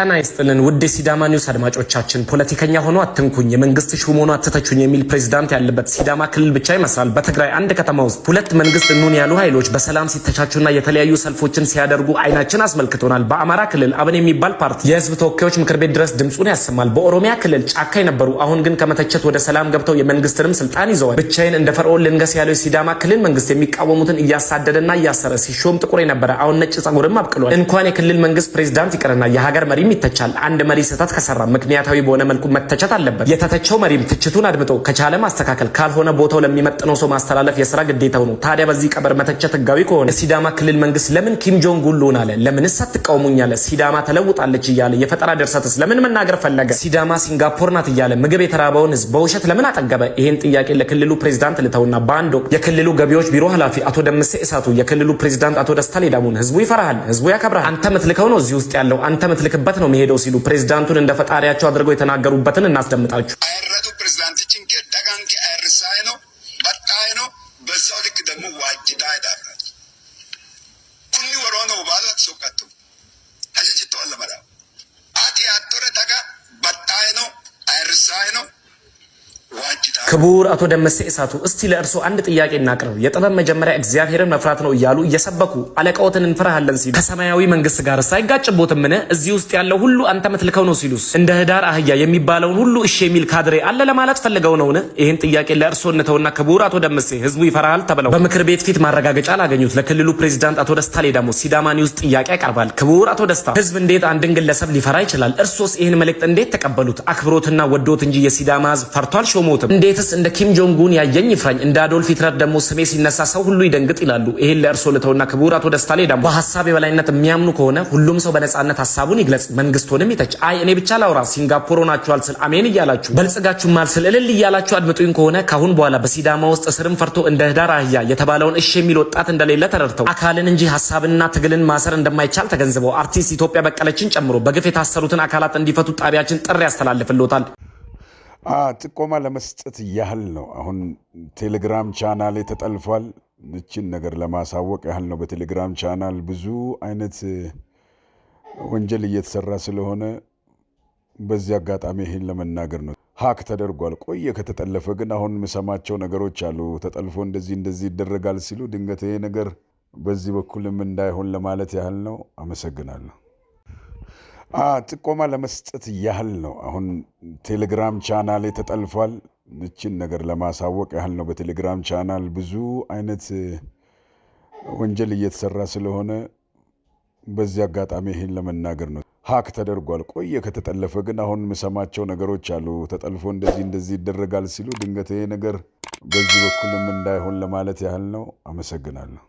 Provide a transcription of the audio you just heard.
ጤና ይስጥልን ውድ የሲዳማ ኒውስ አድማጮቻችን፣ ፖለቲከኛ ሆኖ አትንኩኝ፣ የመንግስት ሹም ሆኖ አትተቹኝ የሚል ፕሬዚዳንት ያለበት ሲዳማ ክልል ብቻ ይመስላል። በትግራይ አንድ ከተማ ውስጥ ሁለት መንግስት እኑን ያሉ ኃይሎች በሰላም ሲተቻቹና የተለያዩ ሰልፎችን ሲያደርጉ አይናችን አስመልክቶናል። በአማራ ክልል አብን የሚባል ፓርቲ የህዝብ ተወካዮች ምክር ቤት ድረስ ድምፁን ያሰማል። በኦሮሚያ ክልል ጫካ የነበሩ አሁን ግን ከመተቸት ወደ ሰላም ገብተው የመንግስትንም ስልጣን ይዘዋል። ብቻዬን እንደ ፈርዖን ልንገስ ያለው የሲዳማ ክልል መንግስት የሚቃወሙትን እያሳደደና እያሰረ ሲሾም ጥቁር የነበረ አሁን ነጭ ጸጉርም አብቅሏል። እንኳን የክልል መንግስት ፕሬዚዳንት ይቅርና የሀገር መሪ መሪም ይተቻል። አንድ መሪ ስህተት ከሰራ ምክንያታዊ በሆነ መልኩ መተቸት አለበት። የተተቸው መሪም ትችቱን አድምጦ ከቻለ ማስተካከል፣ ካልሆነ ቦታው ለሚመጥነው ሰው ማስተላለፍ የስራ ግዴታው ነው። ታዲያ በዚህ ቀበር መተቸት ህጋዊ ከሆነ ሲዳማ ክልል መንግስት ለምን ኪም ጆንግ ሁሉን አለ? ለምንስ አትቃውሙኝ አለ? ሲዳማ ተለውጣለች እያለ የፈጠራ ድርሰትስ ለምን መናገር ፈለገ? ሲዳማ ሲንጋፖር ናት እያለ ምግብ የተራበውን ህዝብ በውሸት ለምን አጠገበ? ይህን ጥያቄ ለክልሉ ፕሬዚዳንት ልተውና በአንድ ወቅት የክልሉ ገቢዎች ቢሮ ኃላፊ አቶ ደምሴ እሳቱ የክልሉ ፕሬዚዳንት አቶ ደስታ ሌዳሙን ህዝቡ ይፈራሃል፣ ህዝቡ ያከብረሃል፣ አንተ ምትልከው ነው እዚህ ውስጥ ያለው አንተ ምትልክበት ነው የሚሄደው ሲሉ ፕሬዚዳንቱን እንደ ፈጣሪያቸው አድርገው የተናገሩበትን እናስደምጣችሁ። አይረቱ ፕሬዚዳንቶችን ከደጋንክ እርሳይ ነው በጣይ ነው በዛው ልክ ደግሞ ዋጅታ ዋጅዳ ኩኒ ወሮ ነው ባላት ሰውቀት ክቡር አቶ ደመሴ እሳቱ እስቲ ለእርስዎ አንድ ጥያቄ እናቅርብ። የጥበብ መጀመሪያ እግዚአብሔርን መፍራት ነው እያሉ እየሰበኩ አለቃዎትን እንፈራሃለን ሲሉ ከሰማያዊ መንግስት ጋር ሳይጋጭቦትም ምን እዚህ ውስጥ ያለው ሁሉ አንተ ምትልከው ነው ሲሉስ እንደ ህዳር አህያ የሚባለውን ሁሉ እሺ የሚል ካድሬ አለ ለማለት ፈልገው ነውን? ይህን ጥያቄ ለእርስዎ እንተውና ክቡር አቶ ደመሴ ህዝቡ ይፈራሃል ተብለው በምክር ቤት ፊት ማረጋገጫ አላገኙት ለክልሉ ፕሬዚዳንት አቶ ደስታ ሌዳሞ ሲዳማ ኒውስ ጥያቄ ያቀርባል። ክቡር አቶ ደስታ ህዝብ እንዴት አንድን ግለሰብ ሊፈራ ይችላል? እርሶስ ይህን መልእክት እንዴት ተቀበሉት? አክብሮትና ወዶት እንጂ የሲዳማ ህዝብ ፈርቷል አልሾመውትም። እንዴትስ እንደ ኪም ጆንጉን ያየኝ ይፍራኝ፣ እንደ አዶልፍ ሂትለር ደግሞ ስሜ ሲነሳ ሰው ሁሉ ይደንግጥ ይላሉ። ይሄን ለእርሶ ልተውና ክቡር አቶ ደስታ ላይ ደግሞ በሀሳብ የበላይነት የሚያምኑ ከሆነ ሁሉም ሰው በነጻነት ሀሳቡን ይግለጽ፣ መንግስቶንም ይተች። አይ እኔ ብቻ ላውራ፣ ሲንጋፖር ሆናችኋል ስል አሜን እያላችሁ በልጽጋችሁ ማልስል እልል እያላችሁ አድምጡኝ ከሆነ ካሁን በኋላ በሲዳማ ውስጥ እስርም ፈርቶ እንደ ህዳር አህያ የተባለውን እሺ የሚል ወጣት እንደሌለ ተረድተው አካልን እንጂ ሀሳብንና ትግልን ማሰር እንደማይቻል ተገንዝበው አርቲስት ኢትዮጵያ በቀለችን ጨምሮ በግፍ የታሰሩትን አካላት እንዲፈቱ ጣቢያችን ጥሪ ያስተላልፍልዎታል። ጥቆማ ለመስጠት ያህል ነው። አሁን ቴሌግራም ቻናል ተጠልፏል። ንችን ነገር ለማሳወቅ ያህል ነው። በቴሌግራም ቻናል ብዙ አይነት ወንጀል እየተሰራ ስለሆነ በዚህ አጋጣሚ ይህን ለመናገር ነው። ሀክ ተደርጓል። ቆየ ከተጠለፈ ግን አሁን የምሰማቸው ነገሮች አሉ። ተጠልፎ እንደዚህ እንደዚህ ይደረጋል ሲሉ ድንገት ይሄ ነገር በዚህ በኩልም እንዳይሆን ለማለት ያህል ነው። አመሰግናለሁ። ጥቆማ ለመስጠት ያህል ነው። አሁን ቴሌግራም ቻናል ተጠልፏል። ንችን ነገር ለማሳወቅ ያህል ነው። በቴሌግራም ቻናል ብዙ አይነት ወንጀል እየተሰራ ስለሆነ በዚህ አጋጣሚ ይህን ለመናገር ነው። ሀክ ተደርጓል። ቆየ ከተጠለፈ ግን አሁን የምሰማቸው ነገሮች አሉ። ተጠልፎ እንደዚህ እንደዚህ ይደረጋል ሲሉ ድንገት ይሄ ነገር በዚህ በኩልም እንዳይሆን ለማለት ያህል ነው። አመሰግናለሁ።